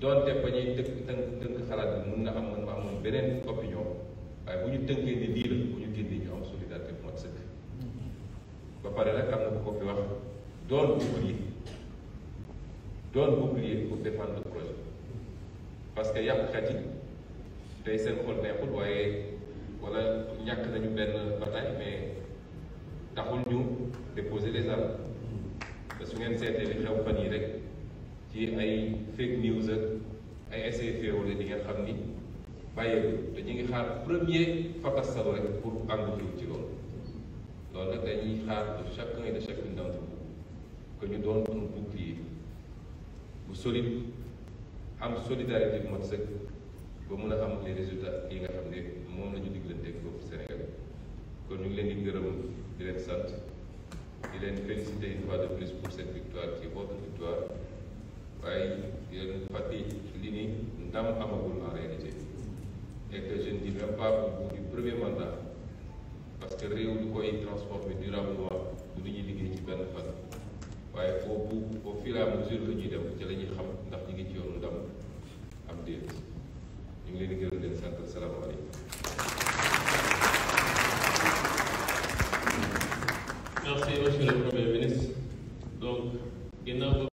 doonte ba ñuy dëkk tënk tënk xalaat bi mun na am man ma amoon beneen opinion waaye bu ñu tënkee ni lii la bu ñu génnee ñu am solidarité bu mat sëkk ba pare nag am na ko ko wax doon bouclier doon bouclier pour défendre le projet parce que yàqkat yi tey seen xol neexul waaye wala ñàkk nañu benn bataille mais taxul ñu déposer les armes te su ngeen seetee li xew fan rek ci ay fake news ak ay essai féewale di ngeen xam ni bàyyeeku te ñu ngi xaar premier fakastal rek pour engagé ci loolu loolu nag dañuy xaar de chacun et de chacune d'entre ñu doon un bouclier bu solide am solidarité bu mat sëkk ba mun a am les résultat yi nga xam ne moom la ñu diglanteeg foofu Sénégal kon ñu ngi leen di gërëm di leen sant leen féliciter une fois de plus pour cette victoire qui est victoire waaye yéen fàttali li ni ndam amagul en réalité et que je ne dis même pas du premier mandat parce que réew lu koy transformer durablement du lu ñuy liggéey ci benn fan waaye foofu au fur et à mesure la ñuy dem ci la ñuy xam ndax ñu ngi ci yoonu ndam am déet ñu ngi leen di gërëm leen sant salaamaaleykum. Merci monsieur le Premier ministre donc ginnaaw